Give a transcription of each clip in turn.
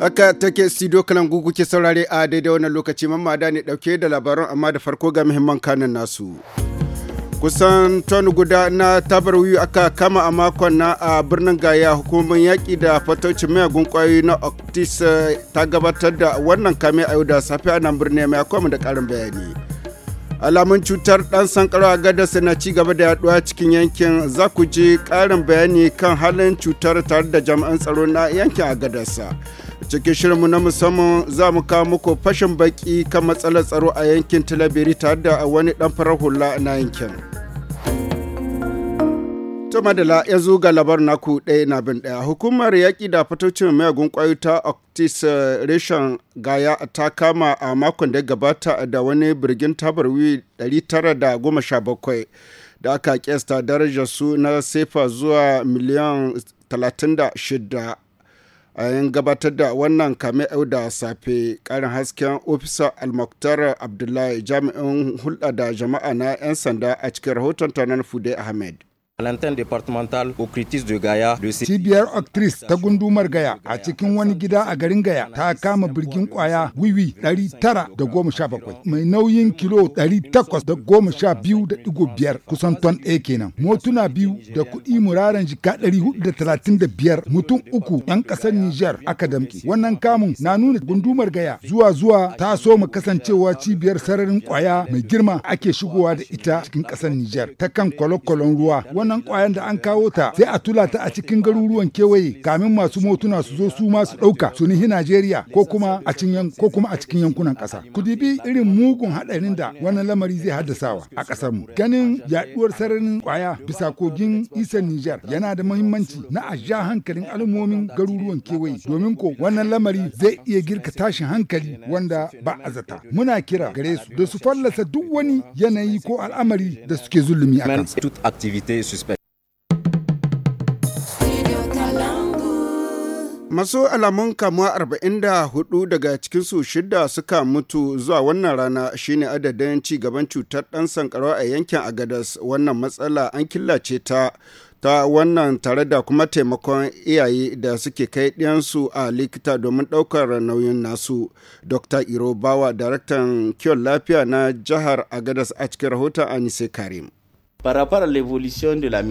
Aka take studio kalan gugu ke saurare a daidai wannan lokaci mamma da ne dauke da labaran amma da farko ga muhimman kanin nasu. kusan ton guda na tabar wuyu aka kama a makon na a birnin gaya hukumar yaƙi da fatauci mayagun ƙwayoyi na octis eh, ta gabatar da wannan kame a yau da safiya nan birnin mai akwai da ƙarin bayani alamun cutar ɗan sankara a gadarsa na ci gaba da yaduwa cikin yankin za ku ji ƙarin bayani kan halin cutar tare da jami'an tsaro na yankin a gadarsa cikin shirinmu na musamman za mu kawo muku fashin baki kan matsalar tsaro a yankin talabiri tare da wani dan farar hula na yankin to madala ya zo ga labar naku ɗaya na bin ɗaya hukumar yaƙi da fitocin mayagun ƙwayo ta octis eh, reshen gaya ta kama a makon da gabata da wani birgin tabarwi 917 da aka kesta darajar su na sefa zuwa miliyan 36 a yin gabatar da wannan kame yau da safe karin hasken ofisa almaktar abdullahi jami'in hulɗa da jama'a na 'yan sanda a cikin rahoton tanar fude ahmed a lantan departmental okritis de gaya cibiyar actrice ta gundumar gaya a cikin wani gida a garin gaya ta kama birgin kwaya wiwi 917 mai nauyin kilo 812.5 kusan ton ɗaya kenan motuna biyu da kuɗi muraren jika 435 mutum uku 'yan ƙasar niger aka damƙe wannan kamun na nuna gundumar gaya zuwa zuwa ta so mu kasancewa cibiyar sararin kwaya mai girma ake shigowa da ita cikin ƙasar niger ta kan kolokolon ruwa wannan kwayan da an kawo ta sai a tula ta a cikin garuruwan kewaye kamin masu motuna su zo su ma su ɗauka su nihi Najeriya ko kuma a cikin ko kuma a cikin yankunan ƙasa. Ku dibi irin mugun haɗarin da wannan lamari zai haddasawa a ƙasar mu. Ganin yaɗuwar sararin ƙwaya bisa kogin isan Nijar yana da muhimmanci na a ja hankalin al'ummomin garuruwan kewaye domin ko wannan lamari zai iya girka tashin hankali wanda ba a zata. Muna kira gare su da su fallasa duk wani yanayi ko al'amari da suke zulumi a kansu. Masu alamun kamuwa arba'in da 44 daga cikinsu shida suka mutu zuwa wannan rana shine adadin ci gaban cutar ɗan sankarau a yankin Agadas wannan matsala an killace ta ta wannan tare da kuma taimakon iyaye da suke kai ɗiyansu a likita domin ɗaukar nauyin nasu. Dr. Iro Bawa, daraktan kiyon lafiya na jihar Agadas a cikin rahoton Anise Karim. de la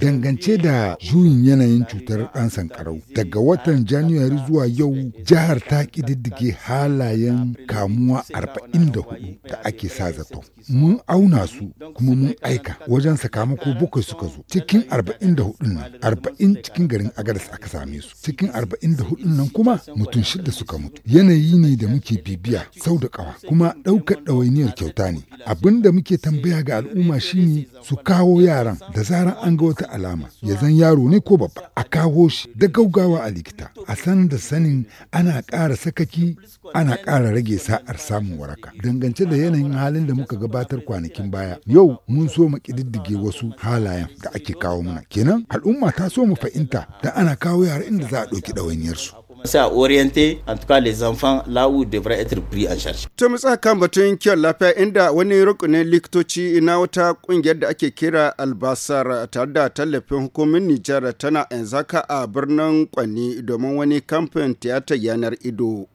Dangance da juyin yanayin cutar ɗan sankarau, daga watan January zuwa yau jihar ta ƙididdige halayen kamuwa 44 da ake sa zato. Mun auna su kuma mun aika wajen sakamako bakwai suka zo. Cikin 44 nan, 40 cikin garin Agadas aka same su. Cikin 44 nan kuma mutum shida suka mutu. Yanayi ne da muke bibiya sau da kawa kuma ɗaukar ɗawainiyar kyauta ne. Abin da muke tambaya ga al'umma shine su kawo yaran da zaran an ga wata alama ya zan yaro ne ko babba a kawo shi da gaugawa a likita a san da sanin ana ƙara sakaki ana ƙara rage sa'ar samun waraka dangance da yanayin halin da muka gabatar kwanakin baya yau mun so mu ƙididdige wasu halayen da ake kawo mana kenan al'umma ta so mu fahimta da ana kawo yara inda za a ɗauki ɗawainiyarsu commencer à orienter en tout cas les enfants là où devraient être pris en charge. Ta musa kan batun kiwon lafiya inda wani rukunin likitoci na wata kungiyar da ake kira albasar tare da tallafin hukumin Nijar tana yanzu a birnin Kwani domin wani kamfan tiyatar yanar ido.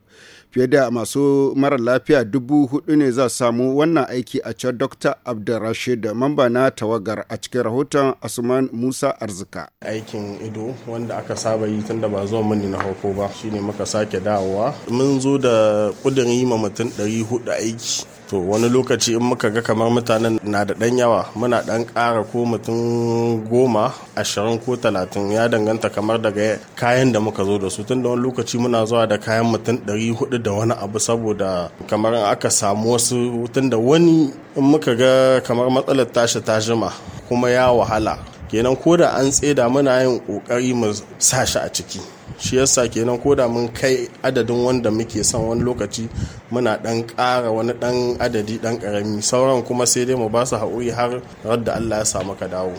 fiye da masu mara lafiya dubu hudu ne za samu wannan aiki a can dr abdulrashid mamba na tawagar a cikin rahoton asuman musa arzika aikin ido wanda aka saba yi tun da ba zuwa mani na hauko ba shine muka sake dawowa mun zo da kudin yi ma mutum 400 aiki to wani lokaci in muka ga kamar mutanen na da ɗan yawa muna ɗan ƙara ko mutum goma ashirin ko talatin ya danganta kamar daga kayan da muka zo da su tun da wani lokaci muna zuwa da kayan mutum ɗari hudu da wani abu saboda kamar aka samu wasu tun da wani in muka ga kamar matsalar tashi ta jima kuma ya wahala kenan ko da an tseda muna yin kokari mu sa shi a ciki shi yasa kenan ko da mun kai adadin wanda muke son wani lokaci muna dan ƙara wani dan adadi dan karami sauran kuma sai dai mu ba su haƙuri har radda Allah ya samu ka dawo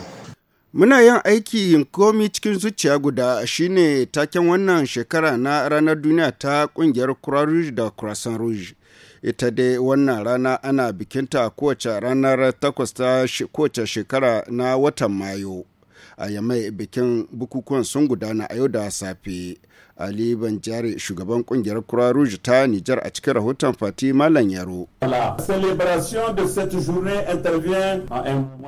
Muna yin aiki komi cikin zuciya guda shine taken wannan shekara na ranar duniya ta ƙungiyar Croix Rouge da Croissant Rouge. ita dai wannan rana ana bikinta kowace ranar takwas ta kowace shekara na watan mayu a yamai bikin bukukuwan sun gudana a yau da safe Ali Banjare shugaban kungiyar Croix Rouge ta Nijar a cikin rahoton Fati Malam Yaro.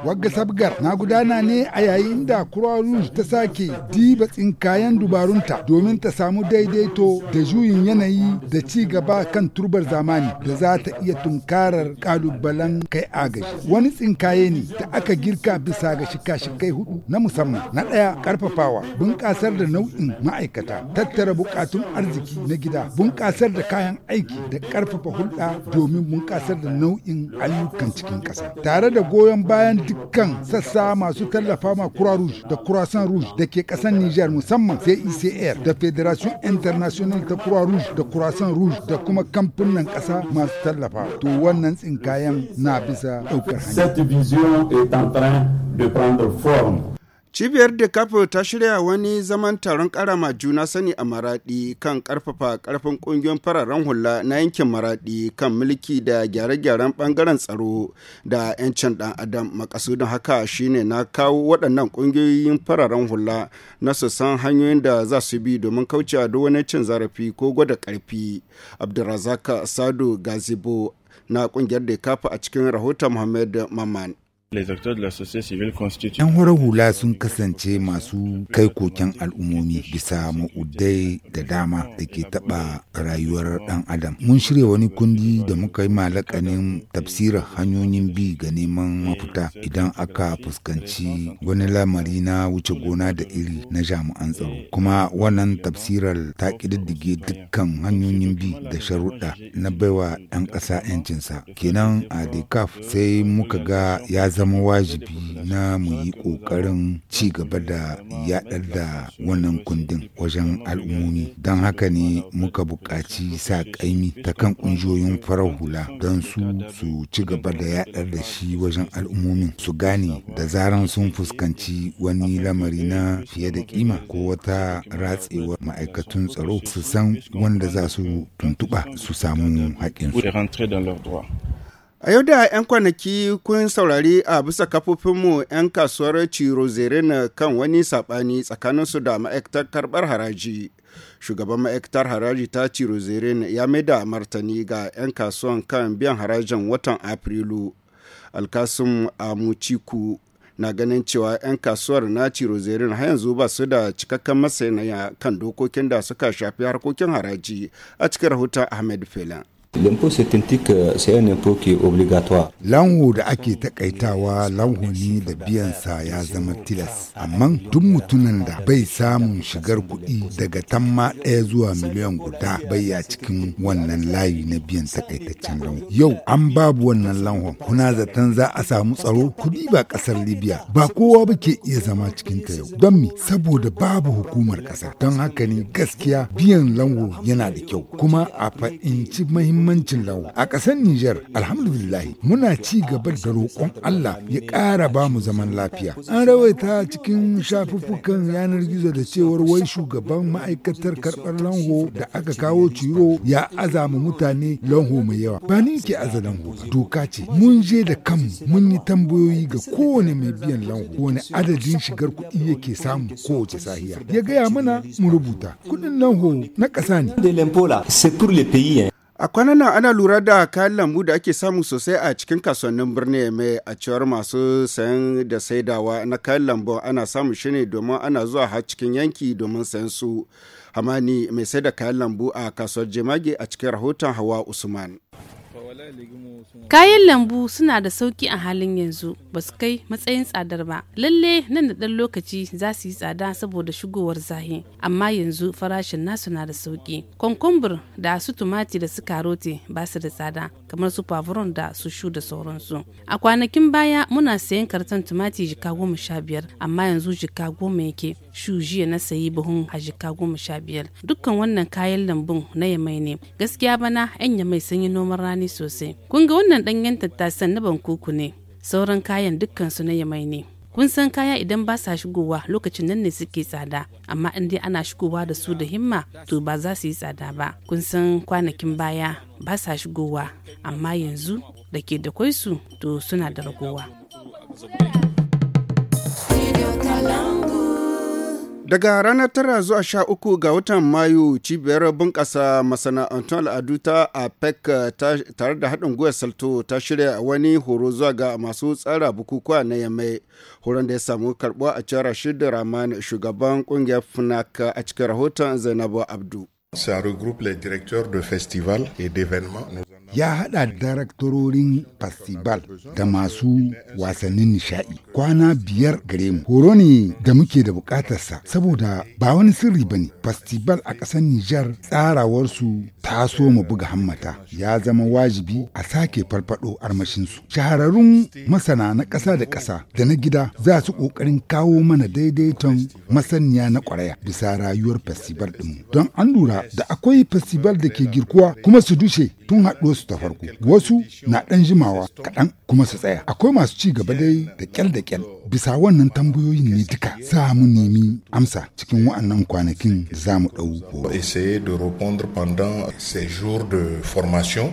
Wagga sabgar na gudana ne a yayin da Croix Rouge ta sake diba tsinkayen dubarunta domin ta samu daidaito da juyin yanayi da ci gaba kan turbar zamani da za ta iya tunkarar kalubalen kai agaji. Wani tsinkaye ne da aka girka bisa ga shika-shikai hudu na musamman. Na ɗaya karfafawa bunƙasar da nau'in ma'aikata. tattara bukatun arziki na gida bunƙasar da kayan aiki da ƙarfafa hulɗa domin bunƙasar da nau'in ayyukan cikin ƙasa tare da goyon bayan dukkan sassa masu tallafa ma kura rouge da croissant rouge da ke ƙasar niger musamman cicr da federation international ta kura rouge da croissant rouge da kuma kamfunan ƙasa masu tallafa to wannan tsinkayen na bisa ɗaukar hanyar. de prendre forme. Cibiyar da kafa ta shirya wani zaman taron karama juna sani a Maradi kan karfafa karfin kungiyoyin fararen hula na yankin Maradi kan mulki da gyare-gyaren bangaren tsaro da 'yancin dan adam makasudin haka shine na kawo waɗannan kungiyoyin fararen hula na su san hanyoyin da za su bi domin kaucewa duk wani cin zarafi ko gwada ƙarfi. Abdulrazak Sado gazibo na kungiyar kafa a cikin rahoton Muhammad Maman. 'Yan horar hula sun kasance masu kai koken al'ummomi bisa ma'udai da dama da ke taɓa rayuwar ɗan adam. Mun shirya wani kundi da muka yi malakanin tafsirar hanyoyin bi ga neman mafita idan aka fuskanci wani lamari na wuce gona da iri na jami'an tsaro. Kuma wannan tafsirar ta ƙididdige dukkan hanyoyin bi da sharuɗa na baiwa 'yan ƙasa 'yancinsa. Kenan a sai muka ga ya zama wajibi na mu yi ƙoƙarin ci gaba da yaɗar da wannan kundin wajen al'ummomi don haka ne muka buƙaci sa ƙaimi ta kan ƙungiyoyin farar hula don su su ci gaba da yaɗar da shi wajen al'ummomin su gane da zaran sun fuskanci wani lamari na fiye da kima ko wata ratsewar ma'aikatun tsaro su san wanda za su tuntuɓa su samu haƙƙinsu. A yau da 'yan kwanaki kun saurari a bisa kafofinmu 'yan kasuwar Ciro Zerena kan wani saɓani tsakanin su da ma'aikatar karɓar haraji. Shugaban ma'aikatar haraji ta Ciro Zerena ya maida martani ga 'yan kasuwan kan biyan harajin watan Afrilu. Alkasim Amuchiku na ganin cewa 'yan kasuwar na Ciro Zerena har yanzu ba su da cikakken masaniya kan dokokin da suka shafi harkokin haraji a cikin rahoton Ahmed Felan. L'impôt synthétique, eh, c'est un impôt qui est obligatoire. Lanhu da ake takaitawa lanhu ne da sa ya zama tilas. Amma duk mutumin da bai samun shigar kuɗi daga tamma ɗaya zuwa miliyan guda bai ya cikin wannan layi na biyan takaitaccen lanhu. Yau an babu wannan lanhon kuna zaton za a samu tsaro kuɗi ba ƙasar Libya ba kowa ba iya zama cikin ta yau. Don me? Saboda babu hukumar ƙasa. Don haka ne gaskiya biyan lanhu yana da kyau kuma a fahimci mahimmanci muhimmancin lawa A ƙasar Nijar, alhamdulillahi, muna ci gaba da roƙon Allah ya ƙara ba mu zaman lafiya. An rawaita cikin shafuffukan yanar gizo da cewar wai shugaban ma'aikatar karɓar lanho da aka kawo ciro ya azama mutane lanho mai yawa. Ba ni ke aza lanho ba, doka ce. Mun je da kanmu mun yi tambayoyi ga kowane mai biyan lanho, wani adadin shigar kuɗi yake samu kowace sahiya. Ya gaya mana mu rubuta. Kuɗin lanho na ƙasa ne. A kwanan nan ana lura da kayan lambu da ake samu sosai a cikin kasuwannin birni mai a cewar masu sayan da saidawa na kayan lambu ana samun shi ne domin ana zuwa har cikin yanki domin sayan su. Hamani mai sai da kayan lambu a kasuwar Jemage a cikin rahoton Hawa Usman. Kayan lambu suna da sauki a halin yanzu ba su kai matsayin tsadar ba. Lalle nan da ɗan lokaci za su yi tsada saboda shigowar zahi, amma yanzu farashin nasu na da sauki. kwankwambur da su tumati da su karoti ba su da tsada kamar su pavron da su shu da sauransu. A kwanakin baya muna sayan karton tumati jika goma sha biyar amma yanzu jika goma yake. shujiya na sayi buhun hajjika goma sha biyar dukkan wannan kayan lambun na yamai ne gaskiya bana yan yamai sun yi noman rani sosai kun ga wannan ɗanyen tattasan na bankuku ne sauran kayan dukkan su na yamai ne kun san kaya idan ba sa shigowa lokacin nan ne suke tsada amma in dai ana shigowa da su da himma to ba za su yi tsada ba kun san kwanakin baya ba sa shigowa amma yanzu da ke da kwai su to suna da ragowa Daga ranar tara zuwa sha uku ga watan Mayu cibiyar bunƙasa masana'antun al'adu ta APEC tare da haɗin gwiwar Salto ta shirya wani horo zuwa ga masu tsara bukukuwa na yamai. Horon da ya samu karɓuwa a cikin Rashid Rahman shugaban ƙungiyar FNAC a cikin rahoton Zainabu Abdu. Ça groupe les directeurs de festival et d'événements. ya hada daraktorin festival da masu wasannin nishaɗi. kwana biyar gare mu horo ne da muke da bukatarsa saboda ba wani sirri ba ne festival a ƙasar nijar tsarawarsu ta so mu buga hammata ya zama wajibi a sake farfado armashinsu shahararrun masana na ƙasa da ƙasa da na gida za su ƙoƙarin kawo mana daidaiton masaniya na ƙwaraya bisa rayuwar festival ɗinmu don an lura da akwai festival da ke girkuwa kuma su dushe tun haɗo su ta farko wasu na ɗan jimawa kaɗan kuma su tsaya akwai masu ci gaba dai da kyal da kyal bisa wannan tambayoyin ne duka za mu nemi amsa cikin wa'annan kwanakin da za mu ɗau horo.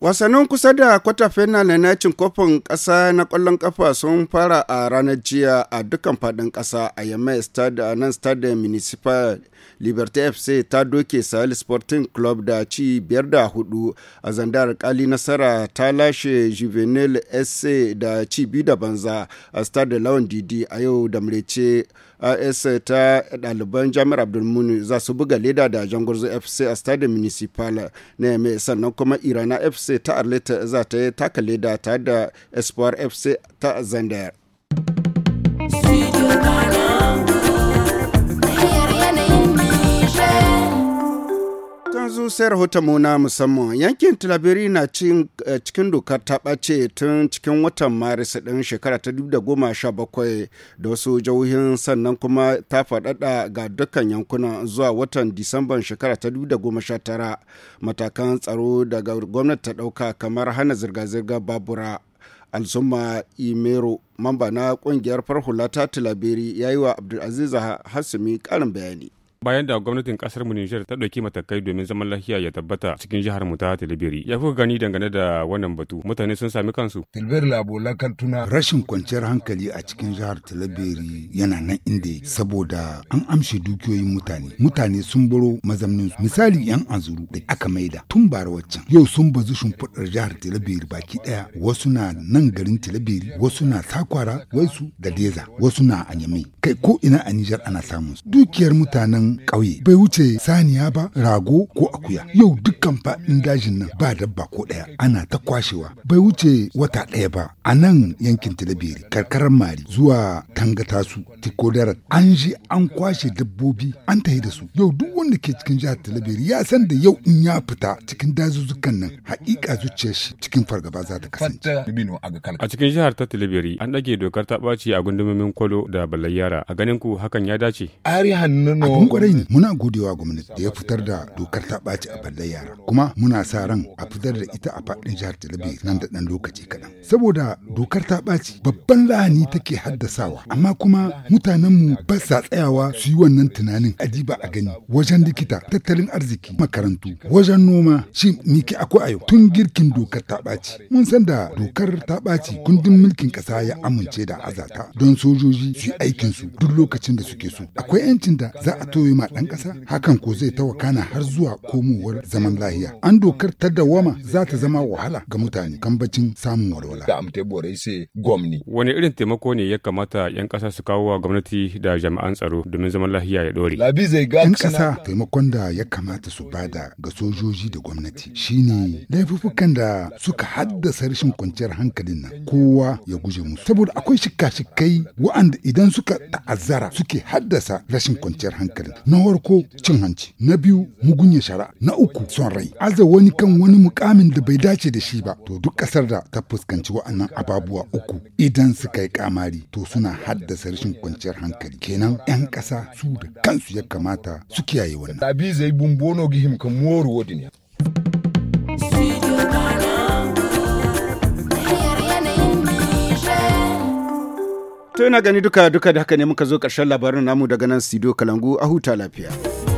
Wasannin kusa da kwata final na cin kofin ƙasa na kwallon ƙafa sun fara a ranar jiya a dukkan faɗin ƙasa a yamma stade a nan stade municipal liberty fc ta doke sahel sporting club da ci biyar da hudu a zandar kali nasara ta lashe juvenile sc da ci biyu da banza a stade lawan didi a yau da murece as ta ɗaliban jami'ar abdulmuni za su buga leda da jangurzo fc a stadium municipal na yame sannan kuma irana fc ta arleta za ta yi taka leda ta da espoir fc ta zandar. yanzu sai rahoton mu na musamman yankin tilabiri na eh, cikin dokar ta ɓace tun cikin watan maris ɗin shekara ta 2017 da wasu jihohin sannan kuma ta faɗaɗa ga dukkan yankunan zuwa watan disamban shekara ta 2019 matakan tsaro daga gwamnati ta ɗauka kamar hana zirga-zirga babura alzuma imero mamba na ƙungiyar farhula ta tilabiri ya yi wa abdulaziz hasumi ƙarin bayani bayan da gwamnatin kasar mu Nijar ta ɗauki matakai domin zaman lafiya ya tabbata cikin jihar mu ta Tilbiri. Ya kuka gani dangane da wannan batu mutane sun sami kansu. Tilbir labola tuna. Rashin kwanciyar hankali a cikin jihar Tilbiri yana nan inda saboda an amshe dukiyoyin mutane. Mutane sun baro mazamnin Misali yan azuru da aka maida tun bara waccan. Yau sun bazu shimfiɗar jihar Tilbiri baki ɗaya wasu na nan garin Tilibiri wasu na sakwara wasu da deza wasu na anyame. Kai ko ina a Nijar ana samun su. Dukiyar mutanen kauye. ƙauye bai wuce saniya ba rago ko akuya yau dukkan faɗin dajin nan ba dabba ko ɗaya ana ta kwashewa bai wuce wata ɗaya ba a nan yankin tilabiri karkarar mari zuwa tangatasu tikodara an ji an kwashe dabbobi an tahi da su yau duk wanda ke cikin jihar talabiri ya san da yau in ya fita cikin dazuzzukan nan haƙiƙa zuciyar shi cikin fargaba za ta kasance a cikin jihar ta an ɗage dokar ta ɓaci a gundumomin kwalo da balayyara a ganin ku hakan ya dace Kwarai ne muna godewa gwamnati da ya fitar da dokar ta ɓaci a ballar yara kuma muna sa ran a fitar da ita a faɗin jihar Talabi nan da ɗan lokaci kaɗan. Saboda dokar ta ɓaci babban lahani take haddasawa amma kuma mutanenmu ba sa tsayawa su yi wannan tunanin adiba a gani wajen likita tattalin arziki makarantu wajen noma shi miki akwai yau tun girkin dokar ta ɓaci mun san da dokar ta ɓaci kundin mulkin ƙasa ya amince da azata don sojoji su yi aikinsu duk lokacin da suke so akwai 'yancin da za a toye yi ma ɗan ƙasa hakan ko zai ta wakana har zuwa komowar zaman lahiya an dokar ta dawama za ta zama wahala ga mutane kambacin samun walwala wani irin taimako ne ya kamata 'yan ƙasa su kawo wa gwamnati da jami'an tsaro domin zaman lahiya ya ɗore 'yan ƙasa taimakon da ya kamata su bada ga sojoji da gwamnati shine laifukan da suka haddasa rashin kwanciyar hankalin nan kowa ya guje musu saboda akwai shika-shikai wa'anda idan suka ta'azzara suke haddasa rashin kwanciyar hankalin na farko cin hanci na biyu mugunya shara na uku son rai aza wani kan wani mukamin da bai dace da shi ba to duk kasar da ta fuskanci wa'annan ababuwa uku idan suka yi kamari to suna haddasa rashin kwanciyar hankali kenan yan kasa su da kansu ya kamata su kiyaye wannan To ina gani duka duka da haka ne muka zo ƙarshen labarin namu daga nan studio Kalangu a huta lafiya.